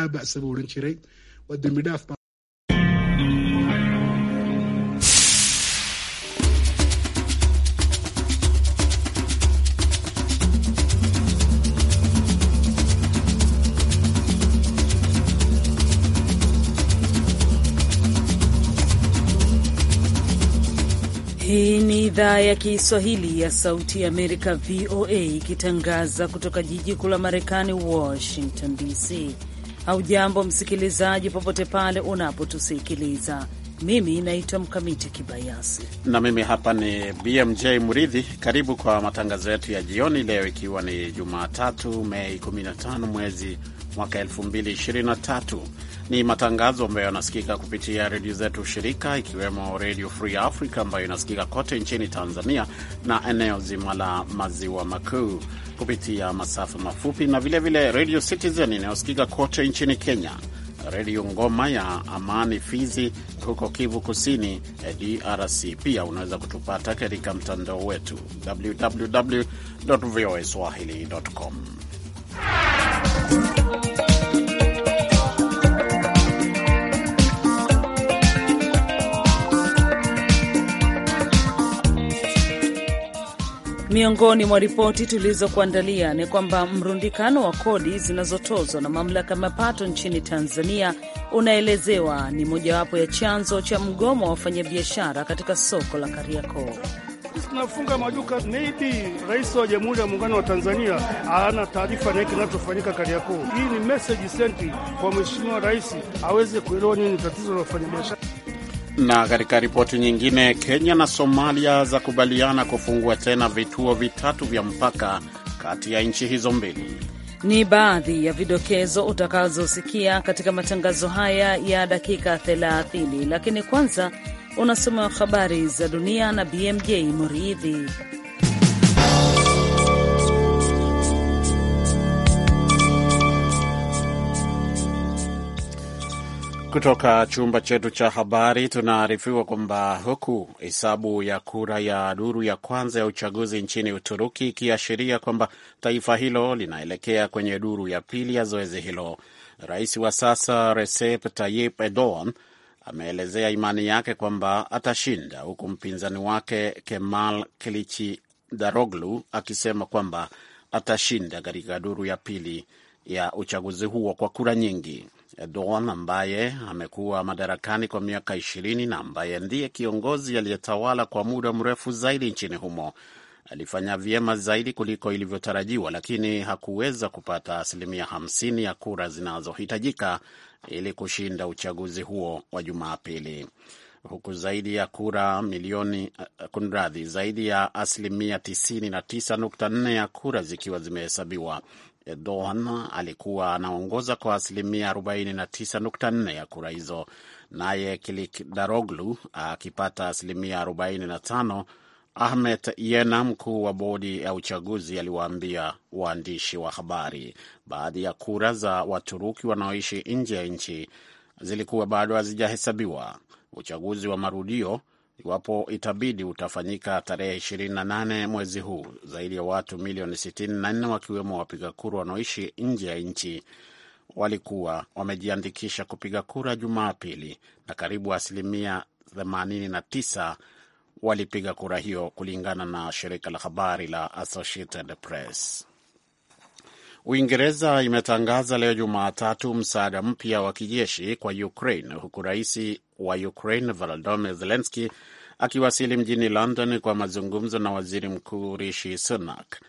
Hii ni idhaa ya Kiswahili ya Sauti ya Amerika, VOA, ikitangaza kutoka jiji kuu la Marekani, Washington DC. Haujambo msikilizaji, popote pale unapotusikiliza. Mimi naitwa Mkamiti Kibayasi na mimi hapa ni BMJ mridhi Karibu kwa matangazo yetu ya jioni leo, ikiwa ni Jumatatu Mei 15 mwezi mwaka 2023. Ni matangazo ambayo yanasikika kupitia redio zetu shirika, ikiwemo Redio Free Africa ambayo inasikika kote nchini Tanzania na eneo zima la maziwa makuu kupitia masafa mafupi, na vilevile Redio Citizen inayosikika kote nchini Kenya, Redio Ngoma ya Amani Fizi huko Kivu Kusini, eh, DRC. Pia unaweza kutupata katika mtandao wetu www voa swahili.com. Miongoni mwa ripoti tulizokuandalia ni kwamba mrundikano wa kodi zinazotozwa na mamlaka ya mapato nchini Tanzania unaelezewa ni mojawapo ya chanzo cha mgomo wa wafanyabiashara katika soko la Kariakoo. tunafunga maduka, maybe Rais wa Jamhuri ya Muungano wa Tanzania ana taarifa na hiki kinachofanyika Kariakoo. Hii ni message senti kwa Mheshimiwa Rais aweze kuelewa nini tatizo la wafanyabiashara. Na katika ripoti nyingine, Kenya na Somalia zakubaliana kufungua tena vituo vitatu vya mpaka kati ya nchi hizo mbili. Ni baadhi ya vidokezo utakazosikia katika matangazo haya ya dakika 30, lakini kwanza unasomewa habari za dunia na BMJ Muridhi. Kutoka chumba chetu cha habari tunaarifiwa kwamba huku hesabu ya kura ya duru ya kwanza ya uchaguzi nchini Uturuki ikiashiria kwamba taifa hilo linaelekea kwenye duru ya pili ya zoezi hilo, rais wa sasa Recep Tayyip Erdogan ameelezea imani yake kwamba atashinda, huku mpinzani wake Kemal daroglu akisema kwamba atashinda katika duru ya pili ya uchaguzi huo kwa kura nyingi. Erdogan ambaye amekuwa madarakani kwa miaka ishirini na ambaye ndiye kiongozi aliyetawala kwa muda mrefu zaidi nchini humo alifanya vyema zaidi kuliko ilivyotarajiwa, lakini hakuweza kupata asilimia hamsini ya kura zinazohitajika ili kushinda uchaguzi huo wa Jumapili, huku zaidi ya kura milioni eh, kunradhi, zaidi ya asilimia 99.4 ya kura zikiwa zimehesabiwa. Erdogan alikuwa anaongoza kwa asilimia 49.4 ya kura hizo, naye Daroglu akipata asilimia 45. ahmed Yena, mkuu wa bodi ya uchaguzi, aliwaambia waandishi wa habari baadhi ya kura za Waturuki wanaoishi nje ya nchi zilikuwa bado hazijahesabiwa. Uchaguzi wa marudio iwapo itabidi utafanyika tarehe 28 mwezi huu. Zaidi ya watu milioni 64 wakiwemo wapiga kura wanaoishi nje ya nchi walikuwa wamejiandikisha kupiga kura Jumapili, na karibu asilimia 89 walipiga kura hiyo, kulingana na shirika la habari la Associated Press. Uingereza imetangaza leo Jumatatu msaada mpya wa kijeshi kwa Ukraine, huku rais wa Ukraine Volodymyr Zelensky akiwasili mjini London kwa mazungumzo na waziri mkuu Rishi Sunak.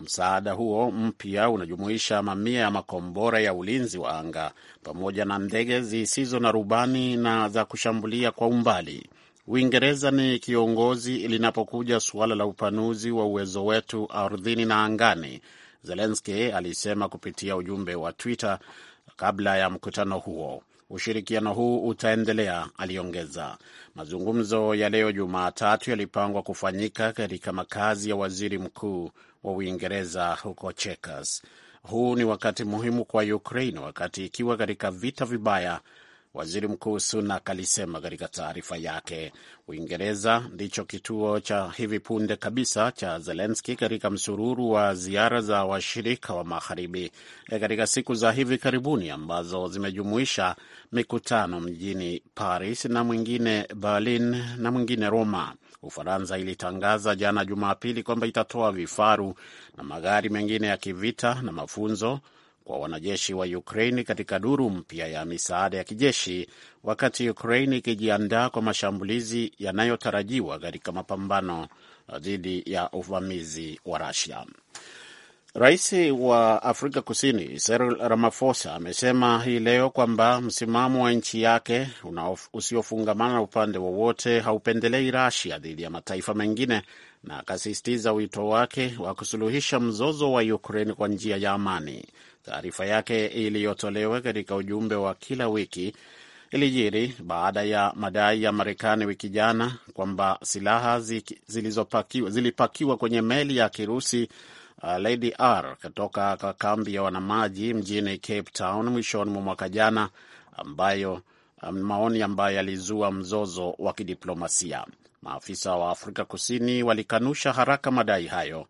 Msaada huo mpya unajumuisha mamia ya makombora ya ulinzi wa anga pamoja na ndege zisizo na rubani na za kushambulia kwa umbali. Uingereza ni kiongozi linapokuja suala la upanuzi wa uwezo wetu ardhini na angani, Zelenski alisema kupitia ujumbe wa Twitter kabla ya mkutano huo ushirikiano huu utaendelea, aliongeza. Mazungumzo ya leo Jumatatu yalipangwa kufanyika katika makazi ya waziri mkuu wa Uingereza huko Chequers. Huu ni wakati muhimu kwa Ukraine wakati ikiwa katika vita vibaya waziri mkuu Sunak alisema katika taarifa yake. Uingereza ndicho kituo cha hivi punde kabisa cha Zelenski katika msururu wa ziara za washirika wa, magharibi e, katika siku za hivi karibuni ambazo zimejumuisha mikutano mjini Paris na mwingine Berlin na mwingine Roma. Ufaransa ilitangaza jana Jumapili kwamba itatoa vifaru na magari mengine ya kivita na mafunzo kwa wanajeshi wa Ukraini katika duru mpya ya misaada ya kijeshi, wakati Ukraini ikijiandaa kwa mashambulizi yanayotarajiwa katika mapambano dhidi ya uvamizi wa Rusia. Rais wa Afrika Kusini Cyril Ramaphosa amesema hii leo kwamba msimamo wa nchi yake usiofungamana na upande wowote haupendelei Russia dhidi ya mataifa mengine, na akasisitiza wito wake wa kusuluhisha mzozo wa Ukraine kwa njia ya amani. Taarifa yake iliyotolewa katika ujumbe wa kila wiki ilijiri baada ya madai ya Marekani wiki jana kwamba silaha zilipakiwa kwenye meli ya Kirusi uh, Lady R kutoka kambi ya wanamaji mjini Cape Town mwishoni mwa mwaka jana, ambayo um, maoni ambayo yalizua mzozo wa kidiplomasia. Maafisa wa Afrika Kusini walikanusha haraka madai hayo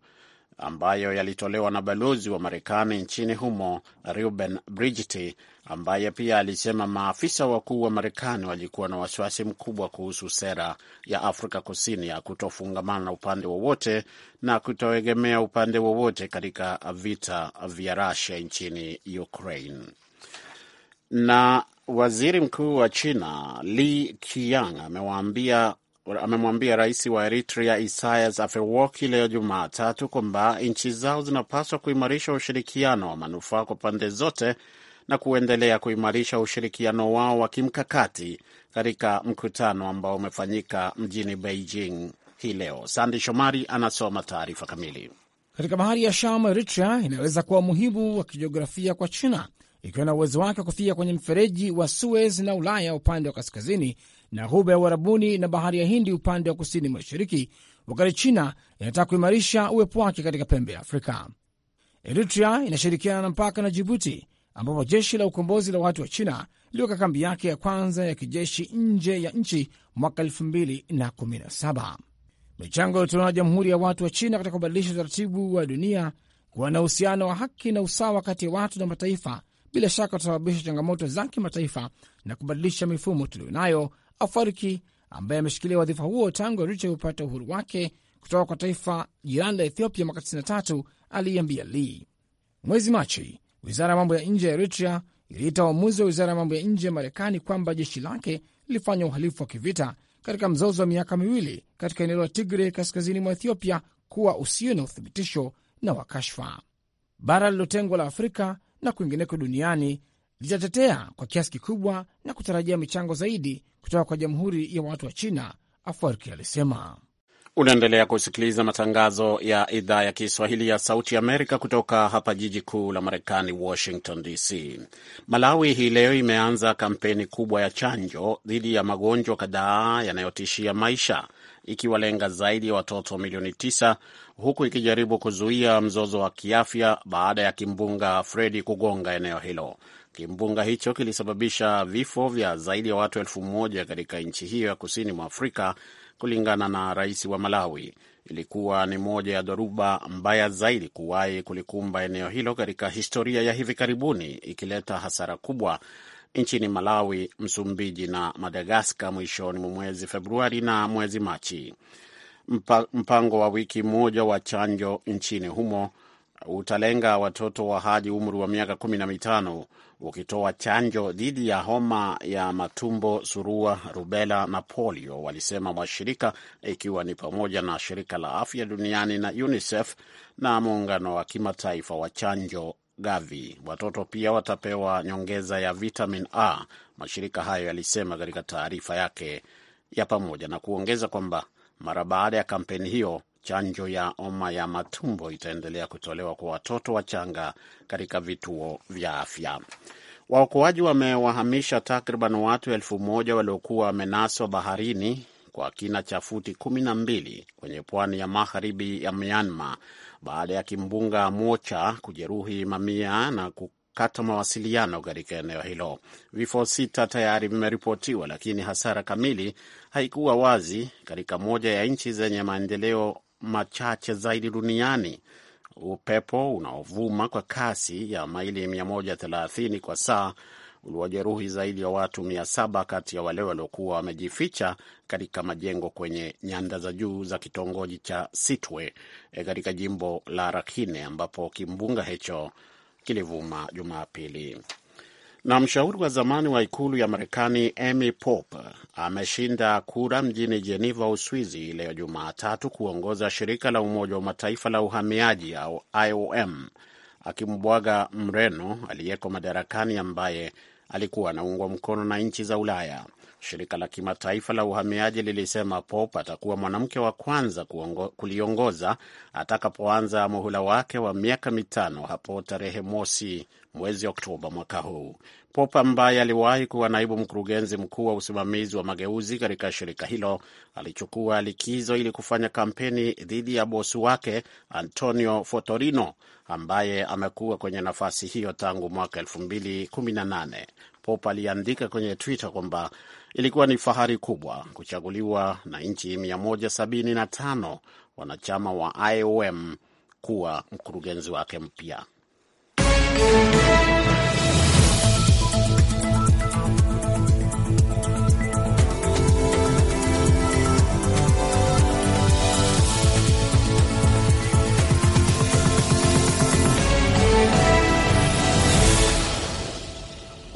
ambayo yalitolewa na balozi wa Marekani nchini humo ruben Bridgety ambaye pia alisema maafisa wakuu wa Marekani walikuwa na wasiwasi mkubwa kuhusu sera ya Afrika Kusini ya kutofungamana na upande wowote na kutoegemea upande wowote katika vita vya Rusia nchini Ukraine. Na waziri mkuu wa China Li Qiang amewaambia amemwambia rais wa Eritrea Isaias Afewoki leo Jumatatu kwamba nchi zao zinapaswa kuimarisha ushirikiano wa manufaa kwa pande zote na kuendelea kuimarisha ushirikiano wao wa kimkakati katika mkutano ambao umefanyika mjini Beijing hii leo. Sandi Shomari anasoma taarifa kamili. Katika bahari ya Sham, Eritrea inaweza kuwa muhimu wa kijiografia kwa China ikiwa na uwezo wake wa kufia kwenye mfereji wa Suez na Ulaya upande wa kaskazini na ghuba ya Uarabuni na bahari ya Hindi upande wa kusini mashariki, wakati China inataka kuimarisha uwepo wake katika pembe ya Afrika. Eritrea inashirikiana na mpaka na Jibuti ambapo jeshi la ukombozi la watu wa China liliweka kambi yake ya kwanza ya kijeshi nje ya nchi mwaka 2017. Michango iliyotolewa na Jamhuri ya Watu wa China katika kubadilisha utaratibu wa dunia kuwa na uhusiano wa haki na usawa kati ya watu na mataifa, bila shaka utasababisha changamoto za kimataifa na kubadilisha mifumo tuliyonayo. Afariki ambaye ameshikilia wadhifa huo tangu Eritrea kupata uhuru wake kutoka kwa taifa jirani la Ethiopia mwaka 93 aliiambia Lee mwezi Machi Wizara ya mambo ya nje ya Eritrea iliita uamuzi wa wizara ya mambo ya nje ya Marekani kwamba jeshi lake lilifanya uhalifu wa kivita katika mzozo wa miaka miwili katika eneo la Tigre kaskazini mwa Ethiopia kuwa usio na uthibitisho na wakashfa. Bara lilotengwa la Afrika na kwingineko duniani litatetea kwa kiasi kikubwa na kutarajia michango zaidi kutoka kwa Jamhuri ya Watu wa China, Afwerki alisema. Unaendelea kusikiliza matangazo ya idhaa ya Kiswahili ya Sauti Amerika kutoka hapa jiji kuu la Marekani, Washington DC. Malawi hii leo imeanza kampeni kubwa ya chanjo dhidi ya magonjwa kadhaa yanayotishia maisha ikiwalenga zaidi ya watoto milioni tisa huku ikijaribu kuzuia mzozo wa kiafya baada ya kimbunga Fredi kugonga eneo hilo. Kimbunga hicho kilisababisha vifo vya zaidi ya watu elfu moja katika nchi hiyo ya kusini mwa Afrika, kulingana na rais wa Malawi. Ilikuwa ni moja ya dhoruba mbaya zaidi kuwahi kulikumba eneo hilo katika historia ya hivi karibuni, ikileta hasara kubwa nchini Malawi, Msumbiji na Madagaskar mwishoni mwa mwezi Februari na mwezi Machi. Mpa, mpango wa wiki moja wa chanjo nchini humo utalenga watoto wa hadi umri wa miaka kumi na mitano ukitoa chanjo dhidi ya homa ya matumbo, surua, rubela na polio, walisema mashirika ikiwa ni pamoja na shirika la afya duniani na UNICEF na muungano wa kimataifa wa chanjo Gavi. Watoto pia watapewa nyongeza ya vitamin A, mashirika hayo yalisema katika taarifa yake ya pamoja, na kuongeza kwamba mara baada ya kampeni hiyo chanjo ya homa ya matumbo itaendelea kutolewa kwa watoto wachanga katika vituo vya afya. Waokoaji wamewahamisha takriban watu elfu moja waliokuwa wamenaswa baharini kwa kina cha futi kumi na mbili kwenye pwani ya magharibi ya Myanmar baada ya kimbunga Mocha kujeruhi mamia na kukata mawasiliano katika eneo hilo. Vifo sita tayari vimeripotiwa, lakini hasara kamili haikuwa wazi katika moja ya nchi zenye maendeleo machache zaidi duniani. Upepo unaovuma kwa kasi ya maili 130 kwa saa uliwajeruhi zaidi ya watu mia saba kati ya wale waliokuwa wamejificha katika majengo kwenye nyanda za juu za kitongoji cha Sitwe eh, katika jimbo la Rakhine ambapo kimbunga hicho kilivuma Jumapili. Na mshauri wa zamani wa ikulu ya Marekani Amy Pope ameshinda kura mjini Jeneva, Uswizi leo Jumatatu kuongoza shirika la Umoja wa Mataifa la uhamiaji au IOM akimbwaga Mreno aliyeko madarakani ambaye alikuwa anaungwa mkono na nchi za Ulaya. Shirika la kimataifa la uhamiaji lilisema Pop atakuwa mwanamke wa kwanza kuongo, kuliongoza atakapoanza muhula wake wa miaka mitano hapo tarehe mosi mwezi Oktoba mwaka huu. Pop ambaye aliwahi kuwa naibu mkurugenzi mkuu wa usimamizi wa mageuzi katika shirika hilo alichukua likizo ili kufanya kampeni dhidi ya bosi wake Antonio Fotorino ambaye amekuwa kwenye nafasi hiyo tangu mwaka 2018. Pop aliandika kwenye Twitter kwamba ilikuwa ni fahari kubwa kuchaguliwa na nchi 175 wanachama wa IOM kuwa mkurugenzi wake mpya.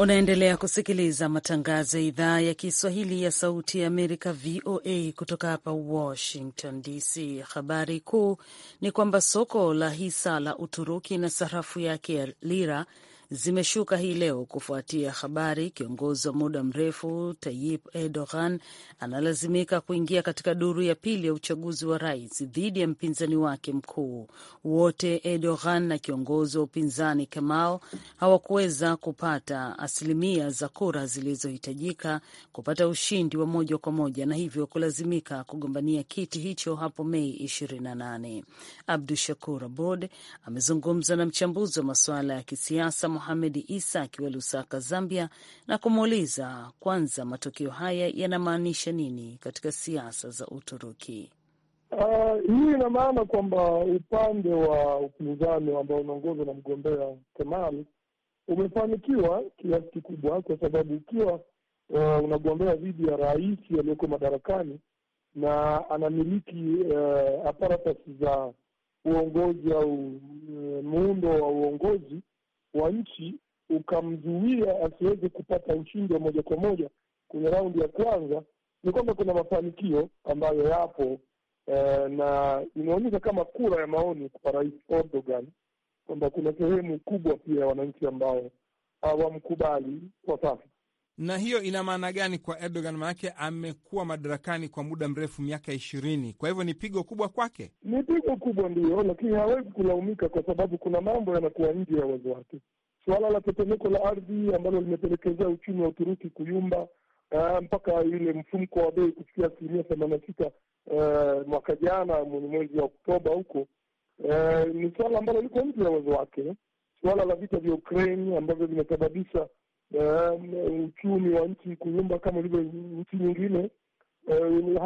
Unaendelea kusikiliza matangazo ya idhaa ya Kiswahili ya Sauti ya Amerika, VOA, kutoka hapa Washington DC. Habari kuu ni kwamba soko la hisa la Uturuki na sarafu yake ya lira zimeshuka hii leo kufuatia habari kiongozi wa muda mrefu Tayyip Erdogan analazimika kuingia katika duru ya pili ya uchaguzi wa rais dhidi ya mpinzani wake mkuu. Wote Erdogan na kiongozi wa upinzani Kemal hawakuweza kupata asilimia za kura zilizohitajika kupata ushindi wa moja kwa moja, na hivyo kulazimika kugombania kiti hicho hapo Mei 28. Abdu Shakur Abod amezungumza na mchambuzi wa masuala ya kisiasa Mohamed Isa akiwa Lusaka, Zambia, na kumuuliza kwanza matokeo haya yanamaanisha nini katika siasa za Uturuki. Ah, hii uh, ina maana kwamba upande wa upinzani ambao unaongozwa na mgombea Kemal umefanikiwa kiasi kikubwa, kwa sababu ukiwa uh, unagombea dhidi ya rais aliyoko madarakani na anamiliki uh, ah, aparatus za uongozi au uh, muundo wa uongozi wa nchi ukamzuia asiweze kupata ushindi wa moja kwa moja kwenye raundi ya kwanza, ni kwamba kuna mafanikio ambayo yapo eh, na inaonyesha kama kura ya maoni kwa Rais Erdogan kwamba kuna sehemu kubwa pia ya wananchi ambao hawamkubali kwa sasa. Na hiyo ina maana gani kwa Erdogan? manake amekuwa madarakani kwa muda mrefu, miaka ishirini. Kwa hivyo ni pigo kubwa kwake, ni pigo kubwa ndio lakini hawezi kulaumika kwa sababu kuna mambo yanakuwa nje ya uwezo wake. Suala la tetemeko la ardhi ambalo limepelekezea uchumi wa Uturuki kuyumba Uh, mpaka yule mfumko wa bei kufikia asilimia themanini na sita uh, mwaka jana mwezi wa Oktoba huko, uh, ni suala ambalo liko nje ya uwezo wake. Suala la vita vya ukrain ambavyo vimesababisha Um, uchumi wa nchi kuyumba kama ilivyo nchi nyingine, um,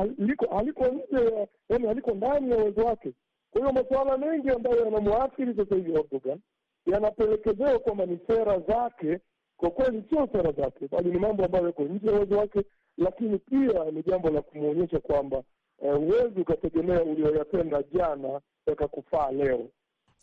haliko nje, yaani haliko ndani ya uwezo wake. Kwa hiyo masuala mengi ambayo yanamwathiri sasa hivi Erdogan yanapelekezewa kwamba ni sera zake, kwa kweli sio sera zake, bali ni mambo ambayo yako nje ya uwezo wake, lakini pia ni jambo la kumwonyesha kwamba uh, huwezi ukategemea ulioyatenda jana yakakufaa leo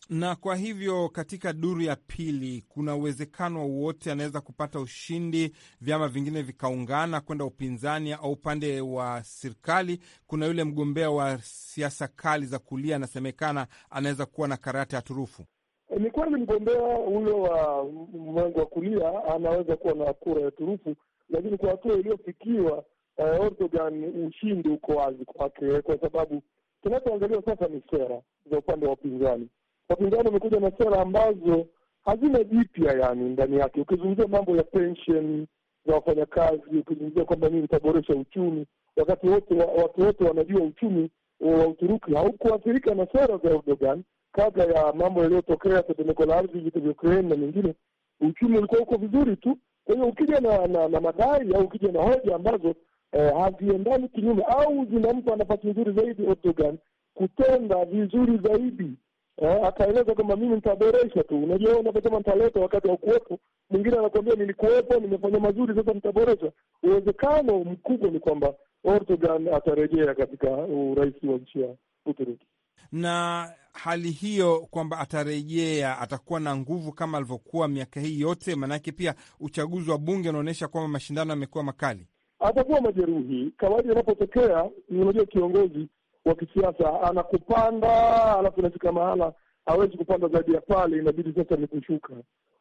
na kwa hivyo katika duru ya pili kuna uwezekano wowote anaweza kupata ushindi, vyama vingine vikaungana kwenda upinzani au upande wa serikali? Kuna yule mgombea wa siasa kali za kulia anasemekana anaweza kuwa na karata ya turufu. Eh, ni kweli mgombea huyo wa mrengo wa kulia anaweza kuwa na kura ya turufu, lakini kwa hatua iliyofikiwa, uh, eh, Erdogan ushindi uko wazi kwake, kwa sababu kinachoangaliwa sasa ni sera za upande wa upinzani wapinzani wamekuja na sera ambazo hazina jipya yani ndani yake. Ukizungumzia mambo ya pensheni za wafanyakazi, ukizungumzia kwamba nini itaboresha uchumi, wakati wote watu wote wanajua uchumi wa Uturuki haukuathirika na sera za Erdogan kabla ya mambo yaliyotokea, tetemeko la ardhi, vita vya Ukraine na mingine, uchumi ulikuwa uko vizuri tu. Kwa hiyo ukija na, na, na madai au ukija na hoja ambazo eh, haziendani kinyume au zinampa nafasi nzuri zaidi Erdogan kutenda vizuri zaidi eh, akaeleza kwamba mimi nitaboresha tu. Unajua, unaposema nitaleta wakati haukuwepo, mwingine anakuambia nilikuwepo, nimefanya mazuri, sasa nitaboresha. Uwezekano mkubwa ni kwamba Erdogan atarejea katika uh, urais wa nchi ya Uturuki na hali hiyo kwamba atarejea atakuwa na nguvu kama alivyokuwa miaka hii yote, maanake pia uchaguzi wa bunge unaonyesha kwamba mashindano yamekuwa makali. Atakuwa majeruhi kawaida inapotokea. Unajua, kiongozi wa kisiasa, anakupanda alafu inafika mahala hawezi kupanda zaidi ya pale, inabidi sasa ni kushuka.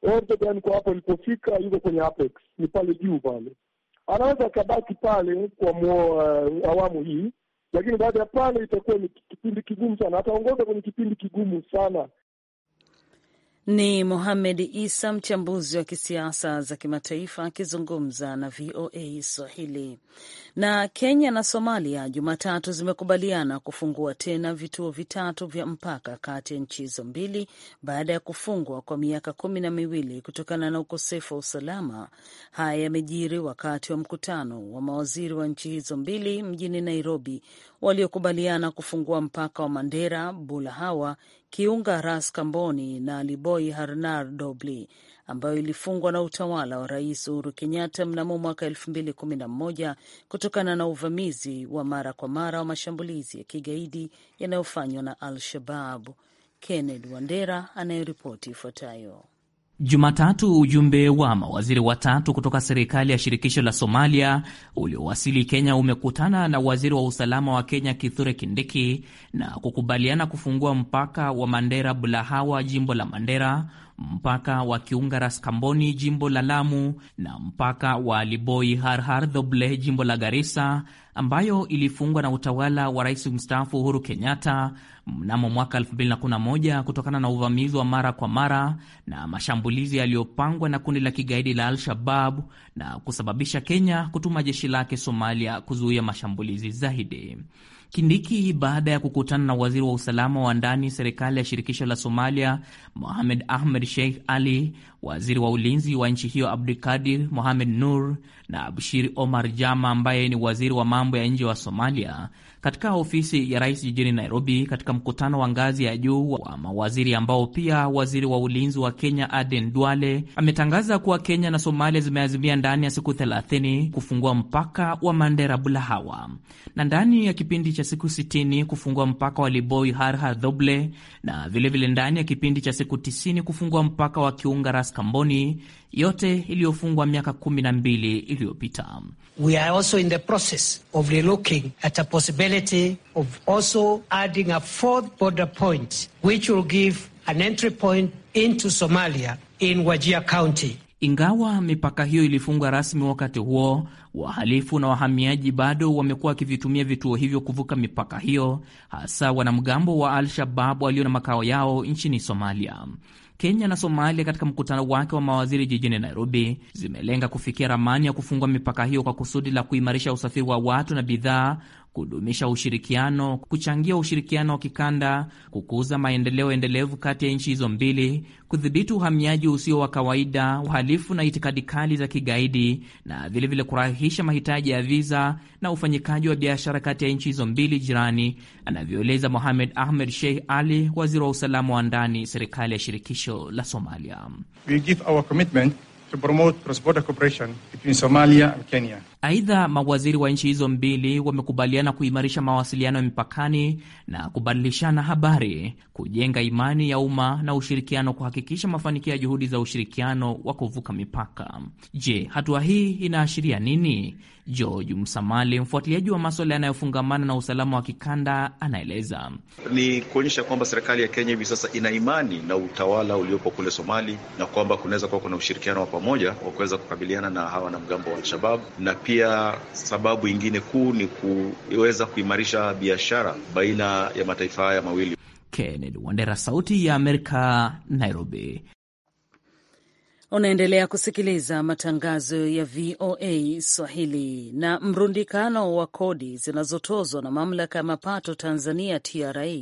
Erdogan kwa hapo alipofika yuko kwenye apex, ni pale juu pale, anaweza akabaki pale kwa uh, awamu hii, lakini baada ya pale itakuwa ni kipindi kigumu sana, ataongoza kwenye kipindi kigumu sana ni Mohamed Isa, mchambuzi wa kisiasa za kimataifa, akizungumza na VOA Swahili. Na Kenya na Somalia Jumatatu zimekubaliana kufungua tena vituo vitatu vya mpaka kati ya nchi hizo mbili baada ya kufungwa kwa miaka kumi na miwili kutokana na ukosefu wa usalama. Haya yamejiri wakati wa mkutano wa mawaziri wa nchi hizo mbili mjini Nairobi, waliokubaliana kufungua mpaka wa Mandera Bulahawa kiunga Ras Kamboni na Liboi Harnar Dobli ambayo ilifungwa na utawala wa Rais Uhuru Kenyatta mnamo mwaka 2011 kutokana na uvamizi wa mara kwa mara wa mashambulizi ya kigaidi yanayofanywa na Al shababu Kenneth Wandera anayeripoti ifuatayo. Jumatatu ujumbe wa mawaziri watatu kutoka serikali ya shirikisho la Somalia uliowasili Kenya umekutana na waziri wa usalama wa Kenya Kithure Kindiki na kukubaliana kufungua mpaka wa Mandera Bulahawa, jimbo la Mandera, mpaka wa Kiunga Raskamboni, jimbo la Lamu, na mpaka wa Liboi Harhar Dhoble, jimbo la Garissa, ambayo ilifungwa na utawala wa rais mstaafu Uhuru Kenyatta mnamo mwaka 2011 kutokana na uvamizi wa mara kwa mara na mashambulizi yaliyopangwa na kundi la kigaidi la Al-Shabab na kusababisha Kenya kutuma jeshi lake Somalia kuzuia mashambulizi zaidi. Kindiki baada ya kukutana na waziri wa usalama wa ndani serikali ya shirikisho la Somalia Mohamed Ahmed Sheikh Ali, waziri wa ulinzi wa nchi hiyo Abdikadir Mohamed Nur na Abshir Omar Jama ambaye ni waziri wa mambo ya nje wa Somalia katika ofisi ya rais jijini Nairobi, katika mkutano wa ngazi ya juu wa mawaziri ambao pia waziri wa ulinzi wa Kenya Aden Duale ametangaza kuwa Kenya na Somalia zimeazimia ndani ya siku 30 kufungua mpaka wa Mandera Bulahawa na ndani ya kipindi cha siku 60 kufungua mpaka wa Liboi Harha Dhoble na vilevile vile ndani ya kipindi cha siku 90 kufungua mpaka wa Kiunga Ras Kamboni yote iliyofungwa miaka kumi na mbili iliyopita. We are also in the process of relooking at a possibility of also adding a fourth border point which will give an entry point into Somalia in Wajir County. Ingawa mipaka hiyo ilifungwa rasmi wakati huo, wahalifu na wahamiaji bado wamekuwa wakivitumia vituo hivyo kuvuka mipaka hiyo, hasa wanamgambo wa al shabab walio na makao yao nchini Somalia. Kenya na Somalia katika mkutano wake wa mawaziri jijini Nairobi zimelenga kufikia ramani ya kufungua mipaka hiyo kwa kusudi la kuimarisha usafiri wa watu na bidhaa kudumisha ushirikiano, kuchangia ushirikiano wa kikanda, kukuza maendeleo endelevu kati ya nchi hizo mbili, kudhibiti uhamiaji usio wa kawaida, uhalifu na itikadi kali za kigaidi, na vilevile kurahisha mahitaji ya viza na ufanyikaji wa biashara kati ya nchi hizo mbili jirani, anavyoeleza Mohamed Ahmed Sheikh Ali, waziri wa usalama wa ndani, serikali ya shirikisho la Somalia. We give our commitment to promote cross-border cooperation between Somalia and Kenya. Aidha, mawaziri wa nchi hizo mbili wamekubaliana kuimarisha mawasiliano ya mipakani na kubadilishana habari, kujenga imani ya umma na ushirikiano, kuhakikisha mafanikio ya juhudi za ushirikiano wa kuvuka mipaka. Je, hatua hii inaashiria nini? George Msamali, mfuatiliaji wa maswala yanayofungamana na usalama wa kikanda, anaeleza. Ni kuonyesha kwamba serikali ya Kenya hivi sasa ina imani na utawala uliopo kule Somali na kwamba kunaweza kuwa kuna ushirikiano wa pamoja wa kuweza kukabiliana na hawa wanamgambo wa Al-Shabab na pia pia sababu ingine kuu ni kuweza kuimarisha biashara baina ya mataifa haya mawili. Kennedy Wandera, Sauti ya Amerika, Nairobi. Unaendelea kusikiliza matangazo ya VOA Swahili. Na mrundikano wa kodi zinazotozwa na mamlaka ya mapato Tanzania TRA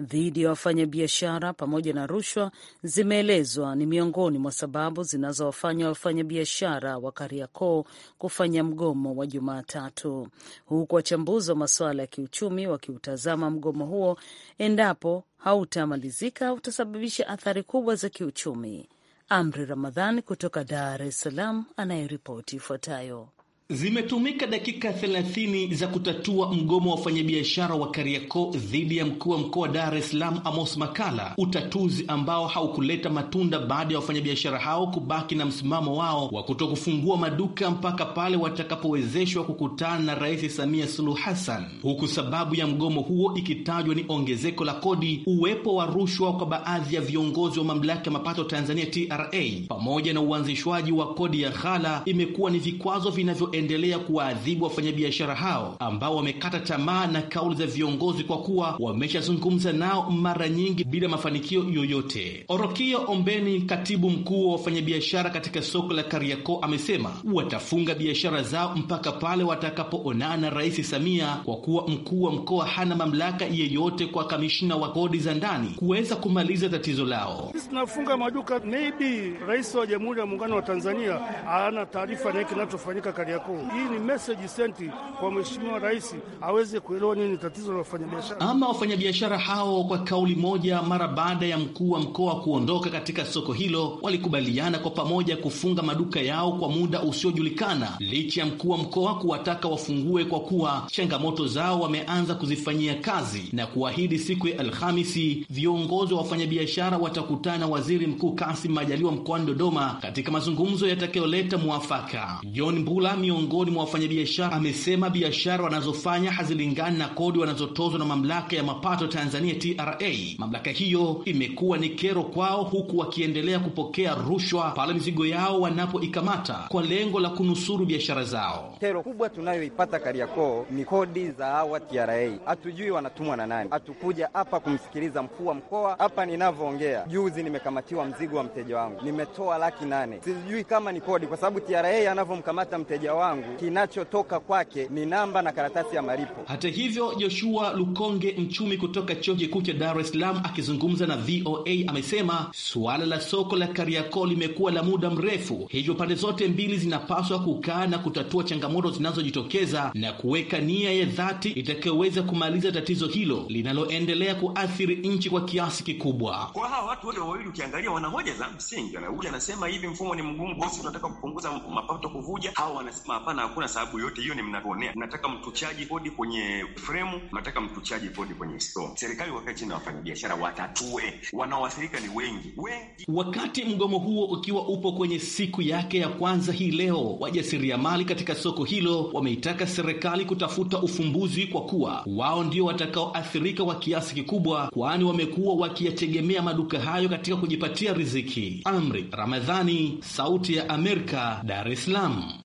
dhidi ya wafanyabiashara pamoja na rushwa zimeelezwa ni miongoni mwa sababu zinazowafanya wafanyabiashara wa Kariakoo kufanya mgomo wa Jumatatu, huku wachambuzi wa masuala ya kiuchumi wakiutazama mgomo huo, endapo hautamalizika, utasababisha athari kubwa za kiuchumi. Amri Ramadhan kutoka Dar es Salaam anayeripoti ifuatayo. Zimetumika dakika 30 za kutatua mgomo wa wafanyabiashara wa Kariakoo dhidi ya mkuu wa mkoa wa Dar es Salaam Amos Makala, utatuzi ambao haukuleta matunda baada ya wafanyabiashara hao kubaki na msimamo wao wa kutokufungua maduka mpaka pale watakapowezeshwa kukutana na Rais Samia Suluhu Hassan, huku sababu ya mgomo huo ikitajwa ni ongezeko la kodi, uwepo wa rushwa kwa baadhi ya viongozi wa mamlaka ya mapato Tanzania TRA, pamoja na uanzishwaji wa kodi ya ghala imekuwa ni vikwazo vinavyo itaendelea kuwaadhibu wafanyabiashara hao ambao wamekata tamaa na kauli za viongozi kwa kuwa wameshazungumza nao mara nyingi bila mafanikio yoyote. Orokio Ombeni, katibu mkuu wa wafanyabiashara katika soko la Kariakoo, amesema watafunga biashara zao mpaka pale watakapoonana na Rais Samia, kwa kuwa mkuu wa mkoa hana mamlaka yeyote kwa kamishina wa kodi za ndani kuweza kumaliza tatizo lao. Sisi tunafunga maduka, maybe Rais wa Jamhuri ya Muungano wa Tanzania ana taarifa na kinachofanyika Kariakoo yako. Hii ni message sent kwa mheshimiwa rais aweze kuelewa nini tatizo la wafanyabiashara. Ama wafanyabiashara hao kwa kauli moja, mara baada ya mkuu wa mkoa kuondoka katika soko hilo, walikubaliana kwa pamoja kufunga maduka yao kwa muda usiojulikana, licha ya mkuu wa mkoa kuwataka wafungue kwa kuwa changamoto zao wameanza kuzifanyia kazi na kuahidi siku ya Alhamisi viongozi wa wafanyabiashara watakutana waziri mkuu Kasim Majaliwa mkoani Dodoma katika mazungumzo yatakayoleta mwafaka. John Mbula, miongoni mwa wafanyabiashara amesema biashara wanazofanya hazilingani na kodi wanazotozwa na mamlaka ya mapato Tanzania TRA. Mamlaka hiyo imekuwa ni kero kwao, huku wakiendelea kupokea rushwa pale mizigo yao wanapoikamata kwa lengo la kunusuru biashara zao. Kero kubwa tunayoipata Kariakoo ni kodi za hawa TRA, hatujui wanatumwa na nani. Hatukuja hapa kumsikiliza mkuu wa mkoa. Hapa ninavyoongea juzi, nimekamatiwa mzigo wa mteja wangu, nimetoa laki nane, sijui kama ni kodi, kwa sababu TRA anavyomkamata mteja wangu wangu kinachotoka kwake ni namba na karatasi ya malipo. Hata hivyo, Joshua Lukonge, mchumi kutoka chuo kikuu cha Dar es Salaam, akizungumza na VOA amesema suala la soko la Kariakoo limekuwa la muda mrefu, hivyo pande zote mbili zinapaswa kukaa na kutatua changamoto zinazojitokeza na kuweka nia ya dhati itakayoweza kumaliza tatizo hilo linaloendelea kuathiri nchi kwa kiasi kikubwa. Kwa hawa watu wote wawili ukiangalia, wana hoja za msingi. Huyu anasema hivi, mfumo ni mgumu, bosi, tunataka kupunguza mapato kuvuja, au wanasema nikasema hapana, hakuna sababu yote hiyo, ni mnavyoonea. Mnataka mtuchaji kodi kwenye fremu, mnataka mtuchaji kodi kwenye store. Serikali wakae chini na wafanyabiashara watatue, wanaoathirika ni wengi wengi. Wakati mgomo huo ukiwa upo kwenye siku yake ya kwanza hii leo, wajasiriamali katika soko hilo wameitaka serikali kutafuta ufumbuzi kwa kuwa wao ndio watakaoathirika kwa kiasi kikubwa, kwani wamekuwa wakiyategemea maduka hayo katika kujipatia riziki. Amri Ramadhani, Sauti ya Amerika, Dar es Salaam.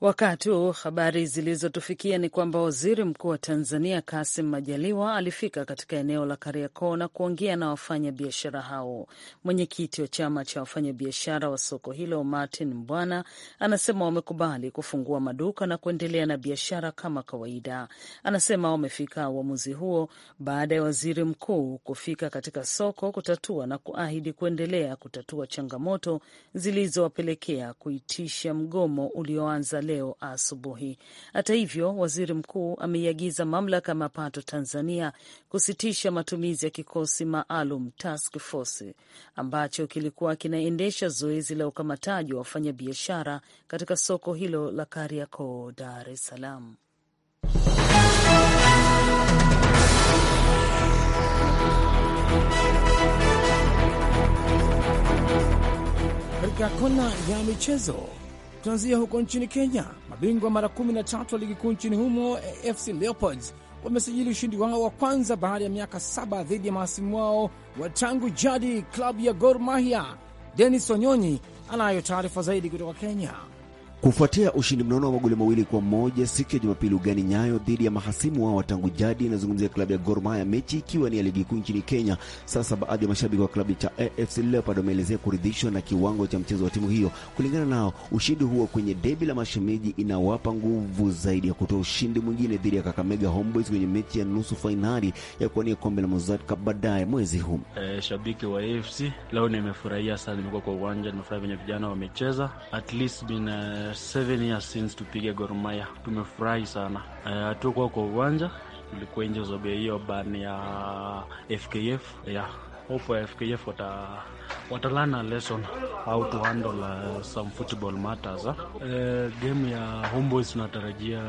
Wakati huu habari zilizotufikia ni kwamba waziri mkuu wa Tanzania Kasim Majaliwa alifika katika eneo la Kariakoo na kuongea na wafanyabiashara hao. Mwenyekiti wa chama cha wafanyabiashara wa soko hilo Martin Mbwana anasema wamekubali kufungua maduka na kuendelea na biashara kama kawaida. Anasema wamefika uamuzi huo baada ya waziri mkuu kufika katika soko kutatua na kuahidi kuendelea kutatua changamoto zilizowapelekea kuitisha mgomo ulioanza leo asubuhi. Hata hivyo, waziri mkuu ameiagiza mamlaka ya mapato Tanzania kusitisha matumizi ya kikosi maalum task force ambacho kilikuwa kinaendesha zoezi la ukamataji wa wafanyabiashara katika soko hilo la Kariakoo, Dar es Salaam. Katika kona ya michezo Tunaanzia huko nchini Kenya. Mabingwa mara 13 wa ligi kuu nchini humo AFC Leopards wamesajili ushindi wao wa kwanza baada ya miaka saba dhidi ya mahasimu wao wa tangu jadi klabu ya Gor Mahia. Denis Onyonyi anayo taarifa zaidi kutoka Kenya. Kufuatia ushindi mnono wa magoli mawili kwa moja siku ya Jumapili ugani Nyayo dhidi ya mahasimu wao tangu jadi. Inazungumzia klabu ya Gor Mahia, mechi ikiwa ni ya ligi kuu nchini Kenya. Sasa baadhi ya mashabiki wa klabu cha AFC Leopards wameelezea kuridhishwa na kiwango cha mchezo wa timu hiyo. Kulingana nao, ushindi huo kwenye debi la mashemeji inawapa nguvu zaidi ya kutoa ushindi mwingine dhidi ya Kakamega Homeboys kwenye mechi ya nusu fainali ya kuwania kombe la Mozart baadaye mwezi huu. Eh, shabiki wa AFC leo nimefurahia sana, nimekuwa kwa uwanja, nimefurahi venye vijana wamecheza at least eh, seven years since tupige Gor Mahia. Tumefurahi sana uh, eh, tuko kwa uwanja tulikuwa nje zobe hiyo ban ya FKF yeah. Hope FKF wata wata learn a lesson how to handle uh, some football matters uh. Uh, game ya Homeboys tunatarajia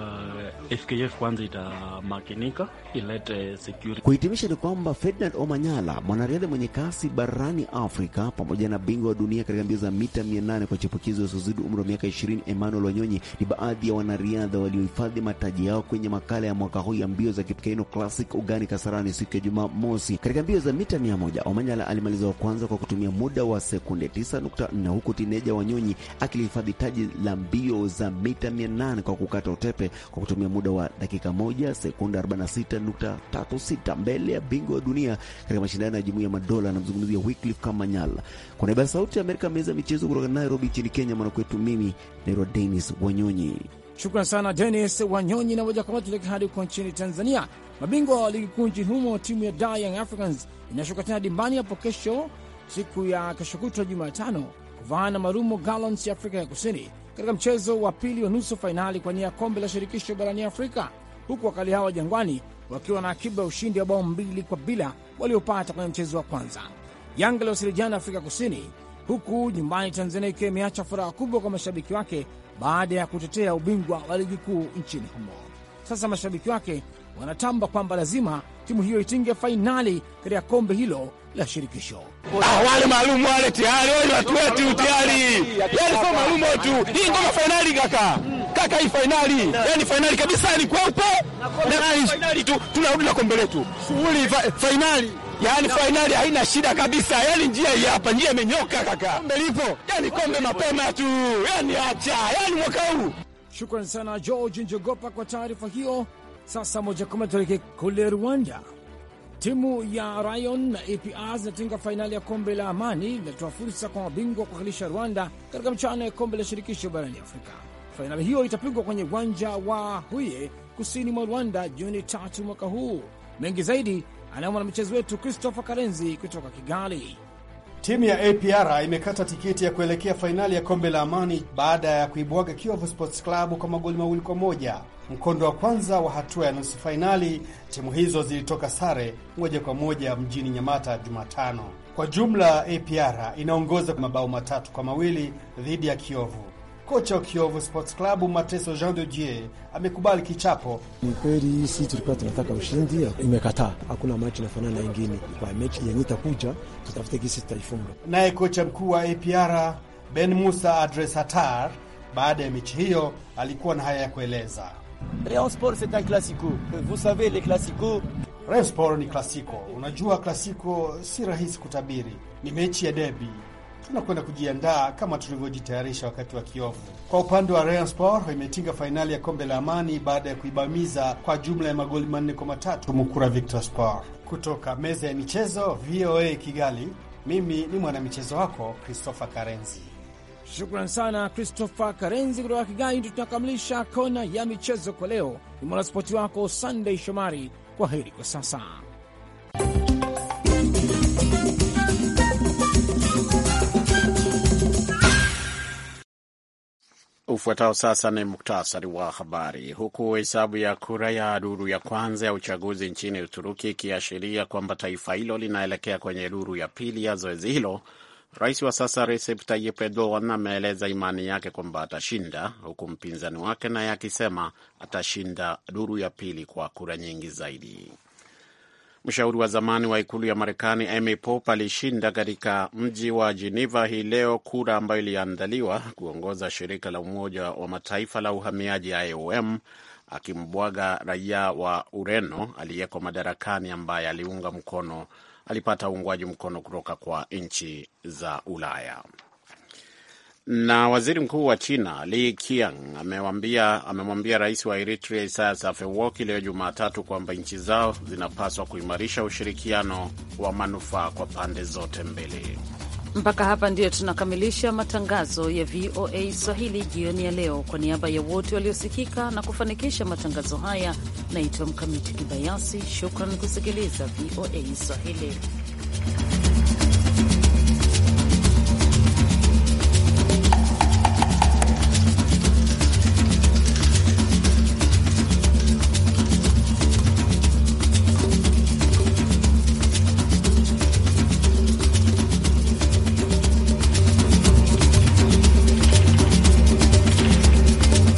FKF eh, kwanza itamakinika ilete eh, security. Kuhitimisha ni kwamba Ferdinand Omanyala, mwanariadha mwenye kasi barani Afrika pamoja na bingwa wa dunia katika mbio za mita 800 kwa chipukizi wasiozidi umri wa miaka 20, Emmanuel Wanyonyi ni baadhi ya wanariadha waliohifadhi mataji yao kwenye makala ya mwaka huu ya mbio za Kipkeino Classic ugani Kasarani siku ya Jumamosi. Katika mbio za mita 100 Omanyala alimaliza wa kwanza kwa kutumia ya muda wa sekunde 9.4 huku tineja Wanyonyi akilihifadhi taji la mbio za mita 800 kwa kukata utepe kwa kutumia muda wa dakika moja sekunde 46.36 mbele ya bingwa wa dunia katika mashindano ya jumuiya ya madola, anamzungumzia Wycliffe Kamanyala. Kwa niaba ya Sauti ya Amerika, meza michezo kutoka Nairobi nchini Kenya, mwanakwetu mimi naitwa Dennis Wanyonyi. Shukran sana Dennis Wanyonyi. Na moja kwa moja tuleke hadi kwa nchini Tanzania. Mabingwa wa ligi kuu nchini humo timu ya Dar Young Africans inashuka tena dimbani hapo kesho siku ya kesho kutwa Jumatano kuvaa na Marumo Gallants ya Afrika ya Kusini katika mchezo wa pili wa nusu fainali kwa nia ya kombe la shirikisho barani Afrika, huku wakali hawa Jangwani wakiwa na akiba ya ushindi wa bao mbili kwa bila waliopata kwenye mchezo wa kwanza. Yanga iliwasili jana Afrika Kusini, huku nyumbani Tanzania ikiwa imeacha furaha kubwa kwa mashabiki wake baada ya kutetea ubingwa wa ligi kuu nchini humo. Sasa mashabiki wake wanatamba kwamba lazima timu hiyo itinge fainali katika kombe hilo la shirikisho. Ah, wale maalumu wale tayari, wale watu wetu tayari, yani sio maalumu wetu. Hii ngoma fainali kaka kaka, hii fainali yani fainali kabisa, ni yaani kweupe na fainali tu, tunarudi na kombe letu, shughuli fainali Yani fainali haina shida kabisa, yani njia hii hapa, njia imenyoka kaka, kombe lipo, yani kombe mapema tu, yani acha, yani mwaka huu. Shukrani sana George Njogopa kwa taarifa hiyo. Sasa moja kwa moja tuelekee kule Rwanda Timu ya Rayon na APR zinatinga fainali ya kombe la Amani linatoa fursa kwa mabingwa kuwakilisha Rwanda katika mchano ya kombe la shirikisho barani Afrika. Fainali hiyo itapigwa kwenye uwanja wa Huye kusini mwa Rwanda Juni tatu mwaka huu. Mengi zaidi anayo mwanamchezo wetu Christopher Karenzi kutoka Kigali. Timu ya APR imekata tiketi ya kuelekea fainali ya kombe la Amani baada ya kuibwaga Kiyovu Sports Club kwa magoli mawili kwa moja. Mkondo wa kwanza wa hatua ya nusu fainali, timu hizo zilitoka sare moja kwa moja mjini Nyamata Jumatano. Kwa jumla, APR inaongoza kwa mabao matatu kwa mawili dhidi ya kiovu Kocha wa Kiovu Sports Club Mateso Jean de Dieu amekubali kichapo. Ni kweli sisi tulikuwa tunataka ushindi, imekataa. Hakuna mechi inafanana na ingine, kwa mechi yenye itakuja tutafute kisi tutaifunga. Naye kocha mkuu wa APR Ben Musa Adres Hatar baada ya mechi hiyo alikuwa na haya ya kueleza. Leon c'est un classico. Vous savez les classicos. ni klasiko, unajua klasiko si rahisi kutabiri, ni mechi ya debi tunakwenda kujiandaa kama tulivyojitayarisha wakati wa kiovu. Kwa upande wa Rayon Sport imetinga fainali ya kombe la Amani baada ya kuibamiza kwa jumla ya magoli manne kwa matatu Mukura Victor Sport. Kutoka meza ya michezo VOA Kigali, mimi ni mwanamichezo wako Christopher Karenzi. Shukran sana Christopher Karenzi kutoka Kigali. Tunakamilisha kona ya michezo kwa leo. Ni mwanaspoti wako Sunday Shomari. Kwa heri kwa sasa. Ufuatao sasa ni muktasari wa habari. Huku hesabu ya kura ya duru ya kwanza ya uchaguzi nchini Uturuki ikiashiria kwamba taifa hilo linaelekea kwenye duru ya pili ya zoezi hilo, rais wa sasa Recep Tayyip Erdogan ameeleza imani yake kwamba atashinda, huku mpinzani wake naye akisema atashinda duru ya pili kwa kura nyingi zaidi. Mshauri wa zamani wa ikulu ya Marekani Amy Pope alishinda katika mji wa Geneva hii leo kura ambayo iliandaliwa kuongoza shirika la Umoja wa Mataifa la uhamiaji IOM, akimbwaga raia wa Ureno aliyeko madarakani ambaye aliunga mkono, alipata uungwaji mkono kutoka kwa nchi za Ulaya. Na waziri mkuu wa China Li Qiang amemwambia rais wa Eritrea Isaias Afwerki leo Jumatatu kwamba nchi zao zinapaswa kuimarisha ushirikiano wa manufaa kwa pande zote mbili. Mpaka hapa ndiyo tunakamilisha matangazo ya VOA Swahili jioni ya leo. Kwa niaba ya wote waliosikika na kufanikisha matangazo haya, naitwa Mkamiti Kibayasi. Shukran kusikiliza VOA Swahili.